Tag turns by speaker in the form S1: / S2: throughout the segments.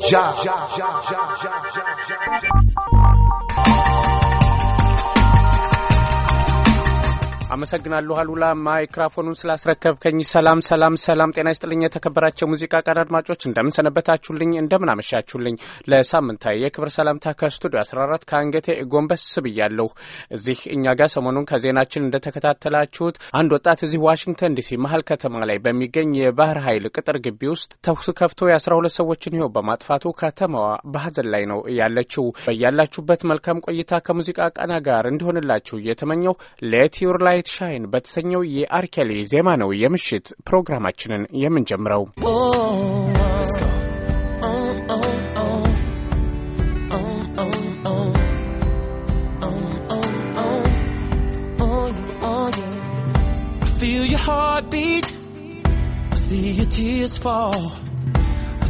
S1: job. job. job. job. job. job. job. job. አመሰግናለሁ አሉላ ማይክራፎኑን ስላስረከብከኝ። ሰላም ሰላም ሰላም፣ ጤና ይስጥልኝ የተከበራቸው ሙዚቃ ቀን አድማጮች እንደምን አመሻችሁልኝ? ለሳምንታዊ የክብር ሰላምታ ከስቱዲዮ 14 ከአንገቴ ጎንበስ ብያለሁ። እዚህ እኛ ጋር ሰሞኑን ከዜናችን እንደተከታተላችሁት አንድ ወጣት እዚህ ዋሽንግተን ዲሲ መሀል ከተማ ላይ በሚገኝ የባህር ኃይል ቅጥር ግቢ ውስጥ ተኩስ ከፍቶ የአስራ ሁለት ሰዎችን ሕይወት በማጥፋቱ ከተማዋ በሀዘን ላይ ነው ያለችው። በያላችሁበት መልካም ቆይታ ከሙዚቃ ቃና ጋር እንዲሆንላችሁ እየተመኘው ሌትዩር ላይ ላይት ሻይን በተሰኘው የአርኬሌ ዜማ ነው የምሽት ፕሮግራማችንን የምንጀምረው።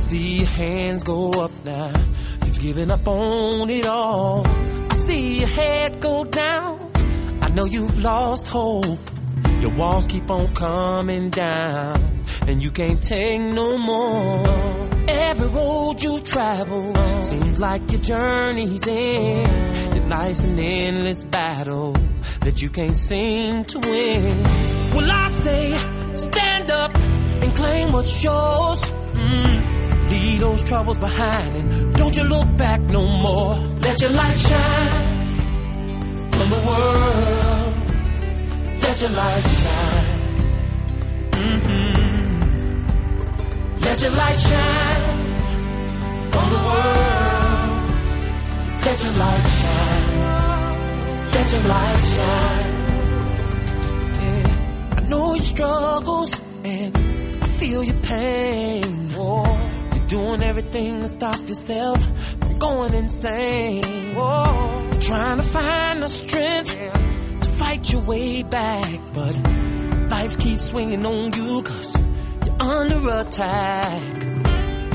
S2: See your hands go up now. You've given up on it all. I see your head go down know you've lost hope. Your walls keep on coming down, and you can't take no more. Every road you travel seems like your journey's in. Your life's an endless battle that you can't seem to win. Well, I say, stand up and claim what's yours. Mm. Leave those troubles behind and don't you look back no more. Let your light shine from the world. Let your light shine. Mm-hmm. Let your light shine on the world. Let your light shine. Let your light shine. Yeah. I know your struggles and I feel your pain. Oh, you're doing everything to stop yourself going insane. Whoa. Trying to find the strength yeah. to fight your way back. But life keeps swinging on you cause you're under attack.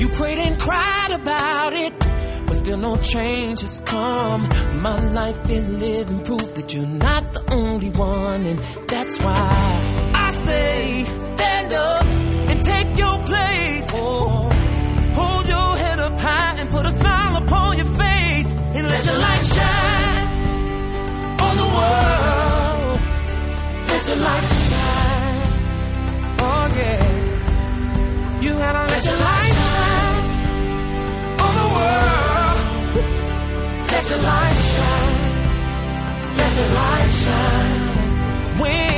S2: You prayed and cried about it, but still no change has come. My life is living proof that you're not the only one. And that's why I say stand up and take your place. Whoa. Oh. Let your light shine on the world. Let your light shine. Oh yeah. You gotta let, let your light shine on the world. Let your light shine.
S3: Let your light shine. When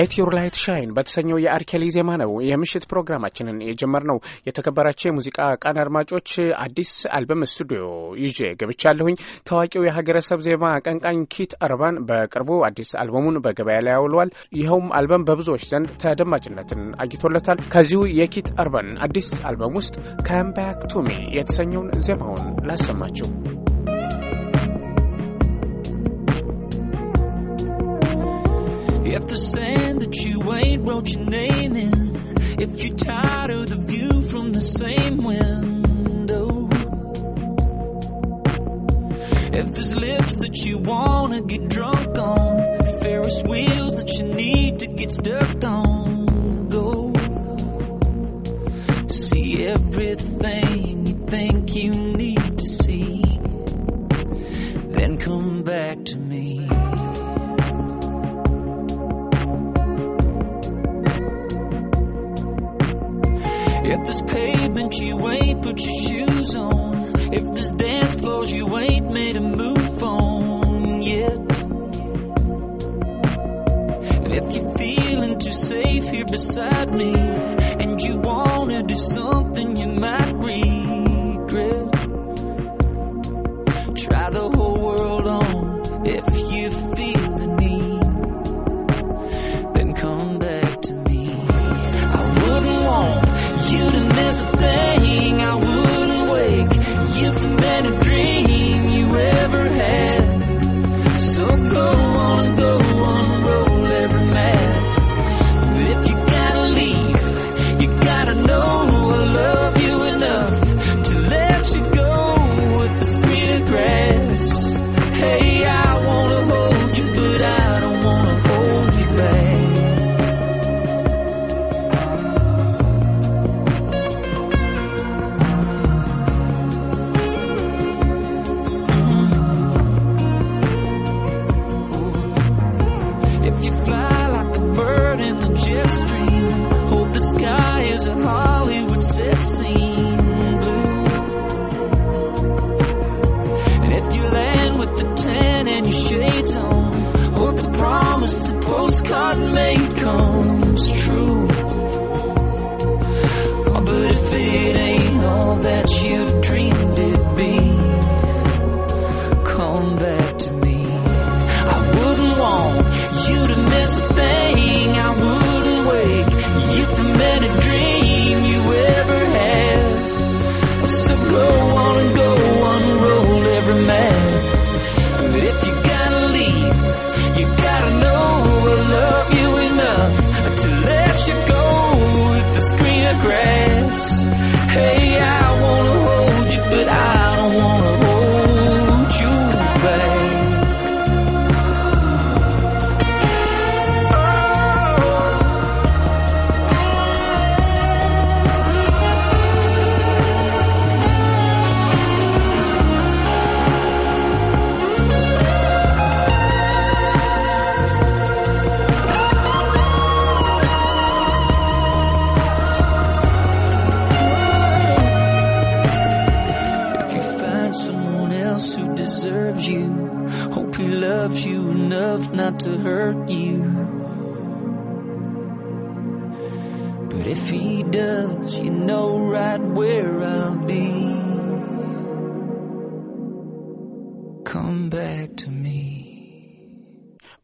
S1: ሌት ዩር ላይት ሻይን በተሰኘው የአርኬሊ ዜማ ነው የምሽት ፕሮግራማችንን የጀመርነው። የተከበራቸው የሙዚቃ ቃን አድማጮች አዲስ አልበም ስቱዲዮ ይዤ ገብቻለሁኝ። ታዋቂው የሀገረሰብ ዜማ አቀንቃኝ ኪት አርባን በቅርቡ አዲስ አልበሙን በገበያ ላይ አውሏል። ይኸውም አልበም በብዙዎች ዘንድ ተደማጭነትን አግኝቶለታል። ከዚሁ የኪት አርባን አዲስ አልበም ውስጥ ካም የተሰኘውን ዜማውን ላሰማችሁ።
S2: the sand that you ain't wrote your name in, if you're tired of the view from the same window, if there's lips that you wanna get drunk on, Ferris wheels that you need to get stuck on, go
S3: see everything you think you need to see,
S2: then come back to me.
S3: If there's pavement, you ain't put your shoes on. If there's dance floors, you ain't made a move on yet. And if you're feeling too safe here beside me, and you wanna do something you might regret, try the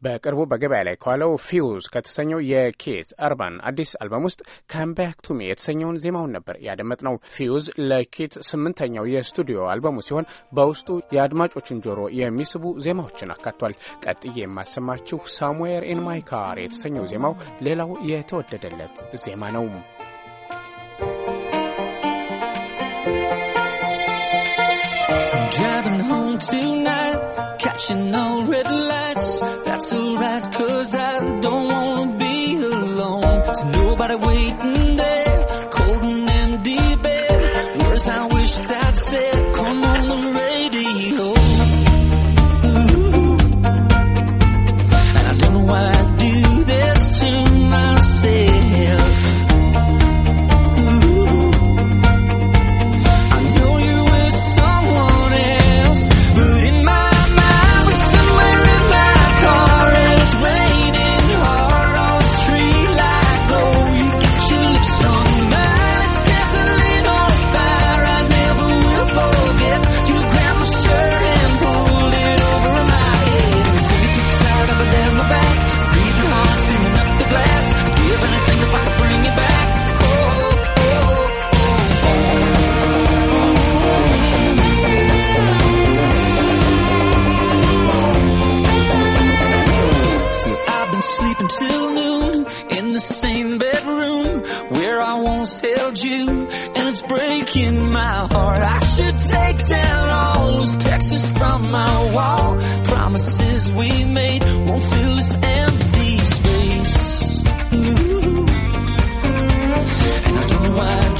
S1: በቅርቡ በገበያ ላይ ከዋለው ፊውዝ ከተሰኘው የኬት አርባን አዲስ አልበም ውስጥ ካምባክ ቱሚ የተሰኘውን ዜማውን ነበር ያደመጥ ነው። ፊውዝ ለኬት ስምንተኛው የስቱዲዮ አልበሙ ሲሆን በውስጡ የአድማጮችን ጆሮ የሚስቡ ዜማዎችን አካቷል። ቀጥዬ የማሰማችሁ ሳሙዌር ኢን ማይ ካር የተሰኘው ዜማው ሌላው የተወደደለት ዜማ ነው።
S3: No red lights. That's alright, cause I don't wanna be alone. There's nobody waiting there, cold and empty bed. Words I wish I'd said.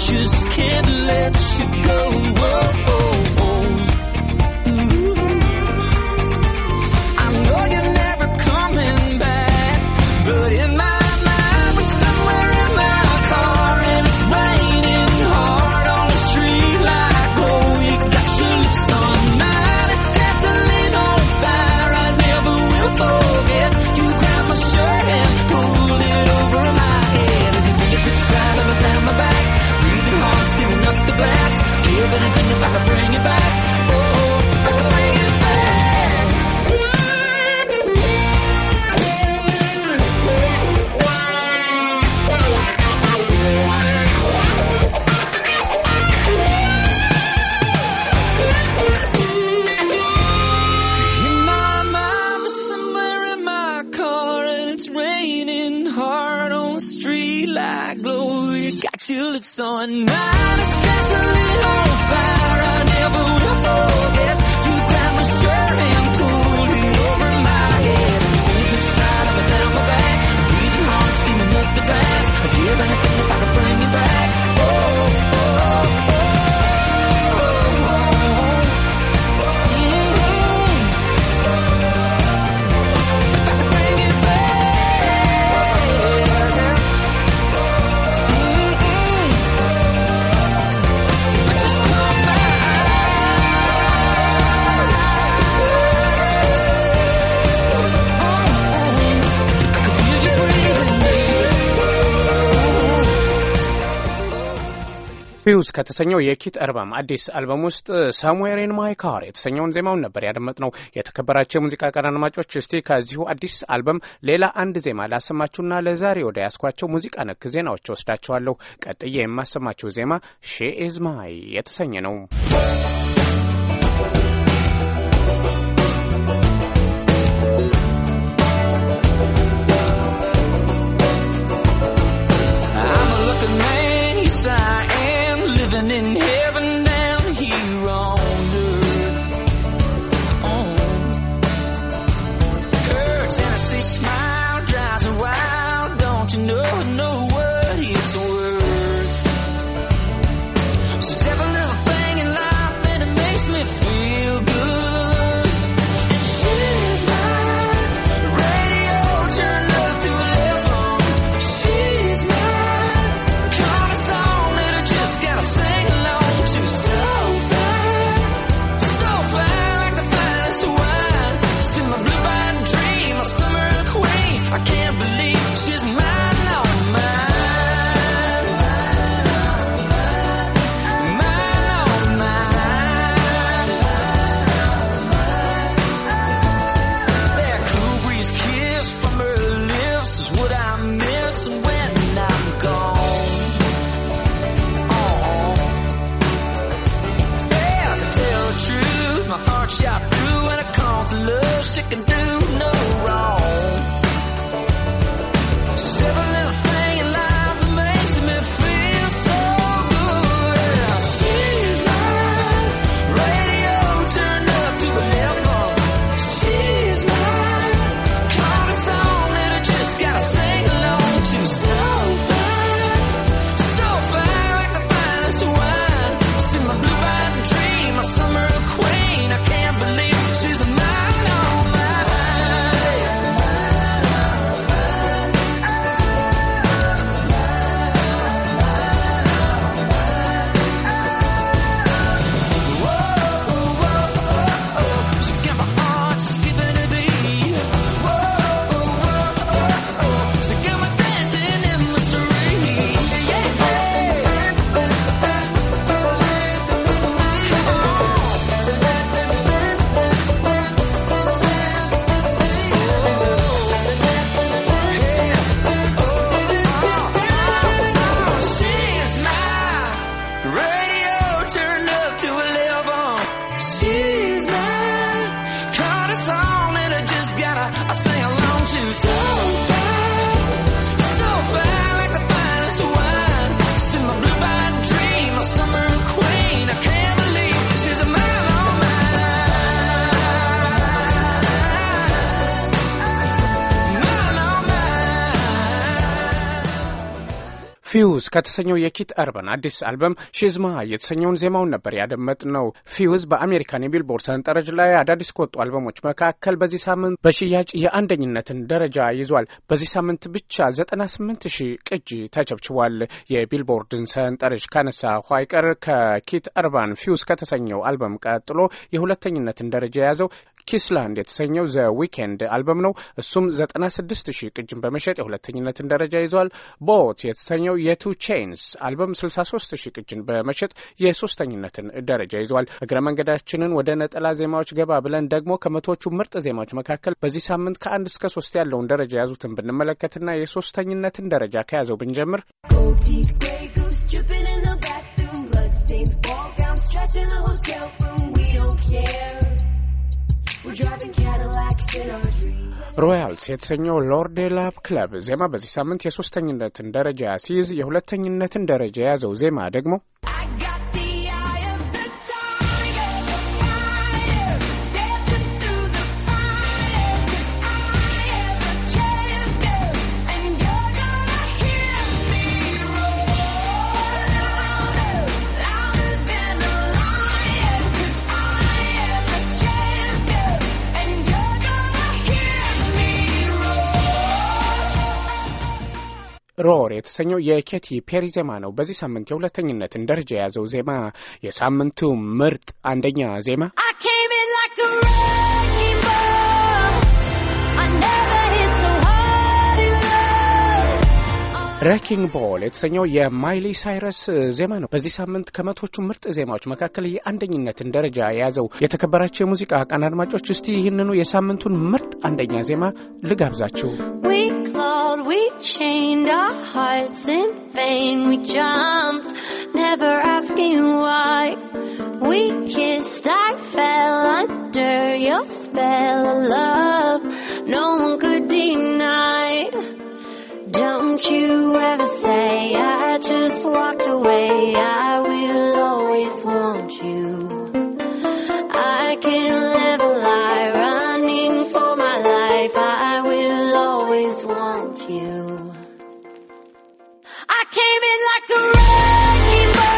S3: just can't let you go. heart on the street like glow. You got your lips on mine, it's a little fire.
S1: ፊውዝ ከተሰኘው የኪት እርባም አዲስ አልበም ውስጥ ሳሙዌር ኢን ማይ ካር የተሰኘውን ዜማውን ነበር ያደመጥነው። የተከበራቸው የሙዚቃ ቀን አድማጮች፣ እስቲ ከዚሁ አዲስ አልበም ሌላ አንድ ዜማ ላሰማችሁና ለዛሬ ወደ ያስኳቸው ሙዚቃ ነክ ዜናዎች ወስዳችኋለሁ። ቀጥዬ የማሰማችሁ ዜማ ሺ ኢዝ ማይ የተሰኘ ነው። ፊውዝ ከተሰኘው የኪት አርበን አዲስ አልበም ሺዝማ የተሰኘውን ዜማውን ነበር ያደመጥ ነው። ፊውዝ በአሜሪካን የቢልቦርድ ሰንጠረዥ ላይ አዳዲስ ከወጡ አልበሞች መካከል በዚህ ሳምንት በሽያጭ የአንደኝነትን ደረጃ ይዟል። በዚህ ሳምንት ብቻ 98 ሺህ ቅጂ ተቸብችቧል። የቢልቦርድን ሰንጠረዥ ካነሳ ኋይቀር ከኪት አርባን ፊውዝ ከተሰኘው አልበም ቀጥሎ የሁለተኝነትን ደረጃ የያዘው ኪስላንድ የተሰኘው ዘ ዊኬንድ አልበም ነው። እሱም 96 ሺህ ቅጅን በመሸጥ የሁለተኝነትን ደረጃ ይዟል። ቦት የተሰኘው የቱ ቼንስ አልበም 63 ሺህ ቅጅን በመሸጥ የሶስተኝነትን ደረጃ ይዟል። እግረ መንገዳችንን ወደ ነጠላ ዜማዎች ገባ ብለን ደግሞ ከመቶዎቹ ምርጥ ዜማዎች መካከል በዚህ ሳምንት ከአንድ እስከ ሶስት ያለውን ደረጃ የያዙትን ብንመለከትና የሶስተኝነትን ደረጃ ከያዘው ብንጀምር
S3: ball gowns, trash in the hotel room. We don't care.
S1: ሮያልስ የተሰኘው ሎርድ ላቭ ክለብ ዜማ በዚህ ሳምንት የሶስተኝነትን ደረጃ ሲይዝ የሁለተኝነትን ደረጃ የያዘው ዜማ ደግሞ ሮር የተሰኘው የኬቲ ፔሪ ዜማ ነው። በዚህ ሳምንት የሁለተኝነትን ደረጃ የያዘው ዜማ የሳምንቱ ምርጥ አንደኛ ዜማ ረኪንግ ቦል የተሰኘው የማይሊ ሳይረስ ዜማ ነው። በዚህ ሳምንት ከመቶቹ ምርጥ ዜማዎች መካከል የአንደኝነትን ደረጃ የያዘው የተከበራቸው የሙዚቃ ቃን አድማጮች፣ እስቲ ይህንኑ የሳምንቱን ምርጥ አንደኛ ዜማ ልጋብዛችሁ።
S3: called, we chained our hearts in vain. We jumped, never asking why. We kissed, I fell under your spell of love. No one could deny. Don't you ever say I just walked away. I will always want you. I can live a lie. came in like a wrecking ball.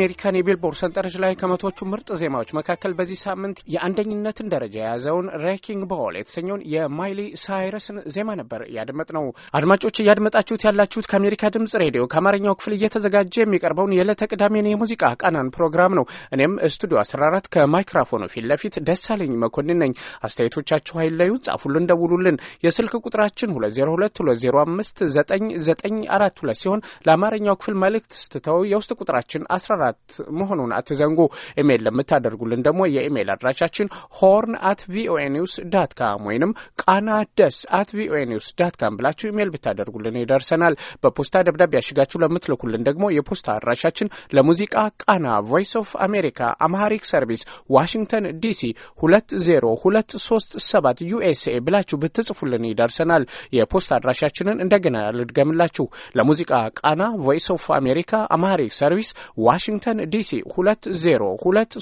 S1: የአሜሪካን የቢልቦርድ ሰንጠረዥ ላይ ከመቶቹ ምርጥ ዜማዎች መካከል በዚህ ሳምንት የአንደኝነትን ደረጃ የያዘውን ሬኪንግ ቦል የተሰኘውን የማይሊ ሳይረስን ዜማ ነበር ያደመጥ ነው። አድማጮች እያድመጣችሁት ያላችሁት ከአሜሪካ ድምጽ ሬዲዮ ከአማርኛው ክፍል እየተዘጋጀ የሚቀርበውን የዕለተ ቅዳሜን የሙዚቃ ቃናን ፕሮግራም ነው። እኔም ስቱዲዮ 14 ከማይክራፎኑ ፊት ለፊት ደሳለኝ መኮንን ነኝ። አስተያየቶቻችሁ አይለዩ፣ ጻፉልን፣ ደውሉልን። የስልክ ቁጥራችን 2022059942 ሲሆን ለአማርኛው ክፍል መልእክት ስትተው የውስጥ ቁጥራችን 14 አት መሆኑን አትዘንጉ። ኢሜይል ለምታደርጉልን ደግሞ የኢሜይል አድራሻችን ሆርን አት ቪኦኤ ኒውስ ዳት ካም ወይንም ቃና ደስ አት ቪኦኤ ኒውስ ዳት ካም ብላችሁ ኢሜይል ብታደርጉልን ይደርሰናል። በፖስታ ደብዳቤ ያሽጋችሁ ለምትልኩልን ደግሞ የፖስታ አድራሻችን ለሙዚቃ ቃና ቮይስ ኦፍ አሜሪካ አምሃሪክ ሰርቪስ ዋሽንግተን ዲሲ ሰባት ዩኤስኤ ብላችሁ ብትጽፉልን ይደርሰናል። የፖስት አድራሻችንን እንደገና ልድገምላችሁ። ለሙዚቃ ቃና ቮይስ ኦፍ አሜሪካ አምሃሪክ ሰርቪስ ዋሽንግተን ዋሽንግተን ዲሲ ሁለት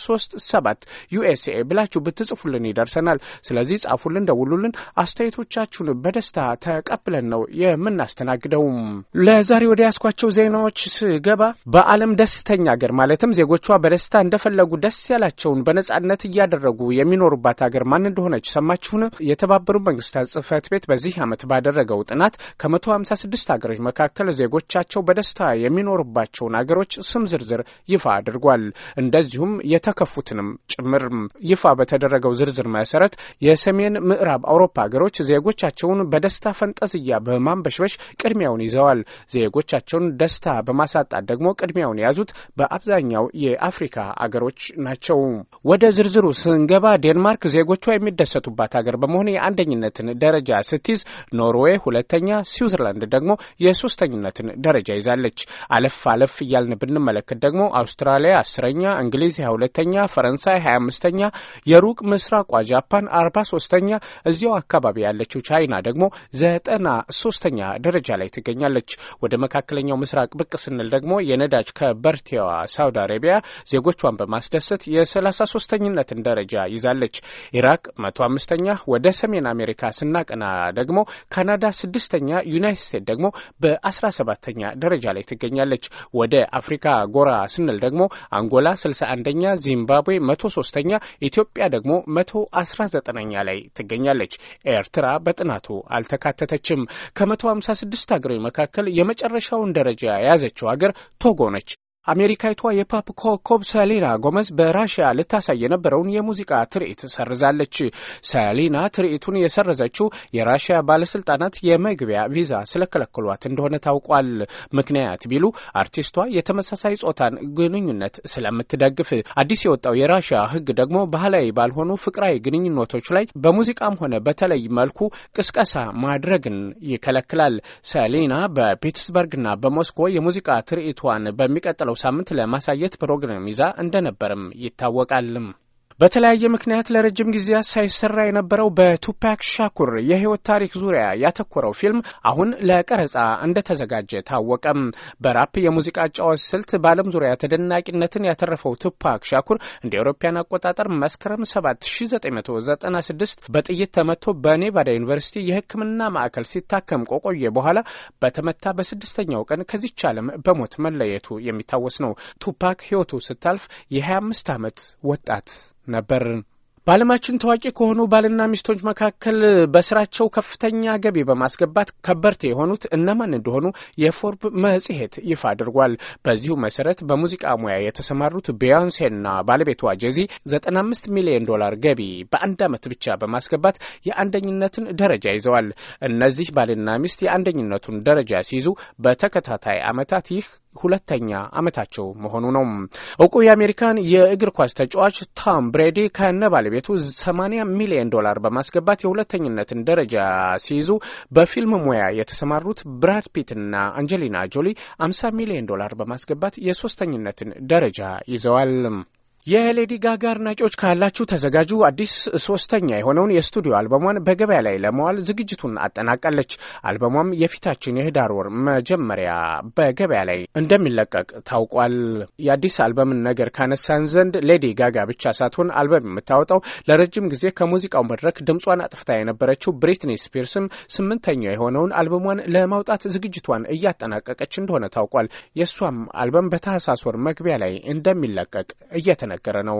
S1: ሰባት ዩኤስኤ ብላችሁ ብትጽፉልን ይደርሰናል። ስለዚህ ጻፉልን፣ ደውሉልን። አስተያየቶቻችሁን በደስታ ተቀብለን ነው የምናስተናግደውም። ለዛሬ ወደ ያስኳቸው ዜናዎች ስገባ በዓለም ደስተኛ ሀገር ማለትም ዜጎቿ በደስታ እንደፈለጉ ደስ ያላቸውን በነጻነት እያደረጉ የሚኖሩባት ሀገር ማን እንደሆነች ሰማችሁን? የተባበሩት መንግስታት ጽህፈት ቤት በዚህ ዓመት ባደረገው ጥናት ከመቶ ሀምሳ ስድስት ሀገሮች መካከል ዜጎቻቸው በደስታ የሚኖሩባቸውን ሀገሮች ስም ዝርዝር ይፋ አድርጓል። እንደዚሁም የተከፉትንም ጭምር ይፋ በተደረገው ዝርዝር መሰረት የሰሜን ምዕራብ አውሮፓ ሀገሮች ዜጎቻቸውን በደስታ ፈንጠዝያ በማንበሽበሽ ቅድሚያውን ይዘዋል። ዜጎቻቸውን ደስታ በማሳጣት ደግሞ ቅድሚያውን የያዙት በአብዛኛው የአፍሪካ አገሮች ናቸው። ወደ ዝርዝሩ ስንገባ ዴንማርክ ዜጎቿ የሚደሰቱባት ሀገር በመሆን የአንደኝነትን ደረጃ ስትይዝ፣ ኖርዌይ ሁለተኛ፣ ስዊዘርላንድ ደግሞ የሶስተኝነትን ደረጃ ይዛለች። አለፍ አለፍ እያልን ብንመለከት ደግሞ አውስትራሊያ አስረኛ፣ እንግሊዝ ሀያ ሁለተኛ፣ ፈረንሳይ ሀያ አምስተኛ፣ የሩቅ ምስራቋ ጃፓን አርባ ሶስተኛ፣ እዚያው አካባቢ ያለችው ቻይና ደግሞ ዘጠና ሶስተኛ ደረጃ ላይ ትገኛለች። ወደ መካከለኛው ምስራቅ ብቅ ስንል ደግሞ የነዳጅ ከበርቴዋ ሳውዲ አረቢያ ዜጎቿን በማስደሰት የሰላሳ ሶስተኝነትን ደረጃ ይዛለች። ኢራቅ መቶ አምስተኛ። ወደ ሰሜን አሜሪካ ስናቀና ደግሞ ካናዳ ስድስተኛ፣ ዩናይትድ ስቴትስ ደግሞ በአስራ ሰባተኛ ደረጃ ላይ ትገኛለች። ወደ አፍሪካ ጎራ ስንል ደግሞ አንጎላ 61ኛ፣ ዚምባብዌ 103ኛ፣ ኢትዮጵያ ደግሞ 119ኛ ላይ ትገኛለች። ኤርትራ በጥናቱ አልተካተተችም። ከ156 ሀገሮች መካከል የመጨረሻውን ደረጃ የያዘችው ሀገር ቶጎ ነች። አሜሪካዊቷ የፖፕ ኮከብ ሰሊና ጎመዝ በራሽያ ልታሳይ የነበረውን የሙዚቃ ትርኢት ሰርዛለች። ሰሊና ትርኢቱን የሰረዘችው የራሽያ ባለስልጣናት የመግቢያ ቪዛ ስለከለከሏት እንደሆነ ታውቋል። ምክንያት ቢሉ አርቲስቷ የተመሳሳይ ጾታን ግንኙነት ስለምትደግፍ። አዲስ የወጣው የራሽያ ሕግ ደግሞ ባህላዊ ባልሆኑ ፍቅራዊ ግንኙነቶች ላይ በሙዚቃም ሆነ በተለይ መልኩ ቅስቀሳ ማድረግን ይከለክላል። ሰሊና በፒትስበርግና በሞስኮ የሙዚቃ ትርኢቷን በሚቀጥለው ሳምንት ለማሳየት ፕሮግራም ይዛ እንደነበርም ይታወቃልም። በተለያየ ምክንያት ለረጅም ጊዜያት ሳይሰራ የነበረው በቱፓክ ሻኩር የህይወት ታሪክ ዙሪያ ያተኮረው ፊልም አሁን ለቀረጻ እንደተዘጋጀ ታወቀም። በራፕ የሙዚቃ ጫዋች ስልት በዓለም ዙሪያ ተደናቂነትን ያተረፈው ቱፓክ ሻኩር እንደ አውሮፓውያን አቆጣጠር መስከረም 7996 በጥይት ተመቶ በኔቫዳ ዩኒቨርሲቲ የሕክምና ማዕከል ሲታከም ቆቆየ በኋላ በተመታ በስድስተኛው ቀን ከዚች ዓለም በሞት መለየቱ የሚታወስ ነው። ቱፓክ ህይወቱ ስታልፍ የ25 ዓመት ወጣት ነበር። በዓለማችን ታዋቂ ከሆኑ ባልና ሚስቶች መካከል በስራቸው ከፍተኛ ገቢ በማስገባት ከበርቴ የሆኑት እነማን እንደሆኑ የፎርብ መጽሔት ይፋ አድርጓል። በዚሁ መሰረት በሙዚቃ ሙያ የተሰማሩት ቢያንሴና ባለቤቷ ጄዚ 95 ሚሊዮን ዶላር ገቢ በአንድ ዓመት ብቻ በማስገባት የአንደኝነትን ደረጃ ይዘዋል። እነዚህ ባልና ሚስት የአንደኝነቱን ደረጃ ሲይዙ በተከታታይ ዓመታት ይህ ሁለተኛ ዓመታቸው መሆኑ ነው። እውቁ የአሜሪካን የእግር ኳስ ተጫዋች ቶም ብሬዲ ከነ ባለቤቱ 80 ሚሊዮን ዶላር በማስገባት የሁለተኝነትን ደረጃ ሲይዙ በፊልም ሙያ የተሰማሩት ብራድ ፒትና አንጀሊና ጆሊ 50 ሚሊዮን ዶላር በማስገባት የሶስተኝነትን ደረጃ ይዘዋል። የሌዲ ጋጋ አድናቂዎች ካላችሁ ተዘጋጁ። አዲስ ሶስተኛ የሆነውን የስቱዲዮ አልበሟን በገበያ ላይ ለመዋል ዝግጅቱን አጠናቃለች። አልበሟም የፊታችን የህዳር ወር መጀመሪያ በገበያ ላይ እንደሚለቀቅ ታውቋል። የአዲስ አልበምን ነገር ካነሳን ዘንድ ሌዲ ጋጋ ብቻ ሳትሆን አልበም የምታወጣው ለረጅም ጊዜ ከሙዚቃው መድረክ ድምጿን አጥፍታ የነበረችው ብሪትኒ ስፒርስም ስምንተኛ የሆነውን አልበሟን ለማውጣት ዝግጅቷን እያጠናቀቀች እንደሆነ ታውቋል። የእሷም አልበም በታህሳስ ወር መግቢያ ላይ እንደሚለቀቅ እየተነ እየተነገረ ነው።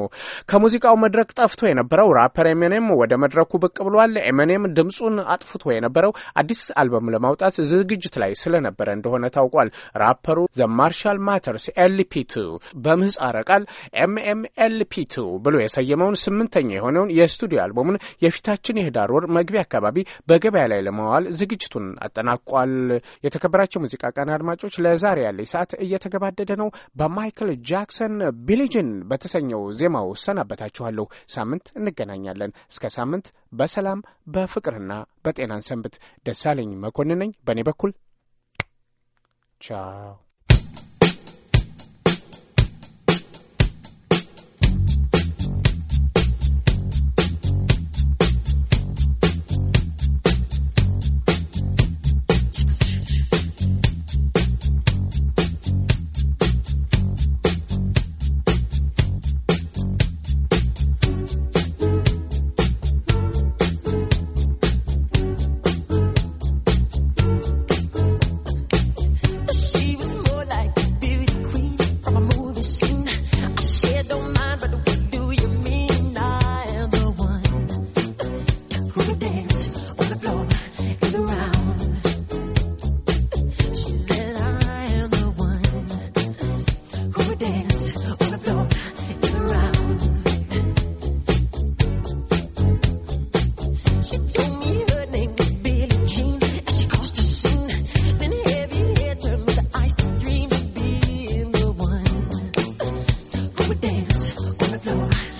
S1: ከሙዚቃው መድረክ ጠፍቶ የነበረው ራፐር ኤሚኔም ወደ መድረኩ ብቅ ብሏል። ኤሚኔም ድምፁን አጥፍቶ የነበረው አዲስ አልበም ለማውጣት ዝግጅት ላይ ስለነበረ እንደሆነ ታውቋል። ራፐሩ ዘ ማርሻል ማተርስ ቱ በምህጻረ ቃል ቱ ብሎ የሰየመውን ስምንተኛ የሆነውን የስቱዲዮ አልበሙን የፊታችን የህዳር ወር መግቢያ አካባቢ በገበያ ላይ ለማዋል ዝግጅቱን አጠናቋል። የተከበራቸው ሙዚቃ ቀን አድማጮች፣ ለዛሬ ያለ ሰዓት እየተገባደደ ነው። በማይክል ጃክሰን ቢሊጅን በተሰኘ በተሰኘው ዜማው እሰናበታችኋለሁ። ሳምንት እንገናኛለን። እስከ ሳምንት በሰላም በፍቅርና በጤናን ሰንብት። ደሳለኝ መኮንን ነኝ። በእኔ በኩል ቻው።
S3: your life.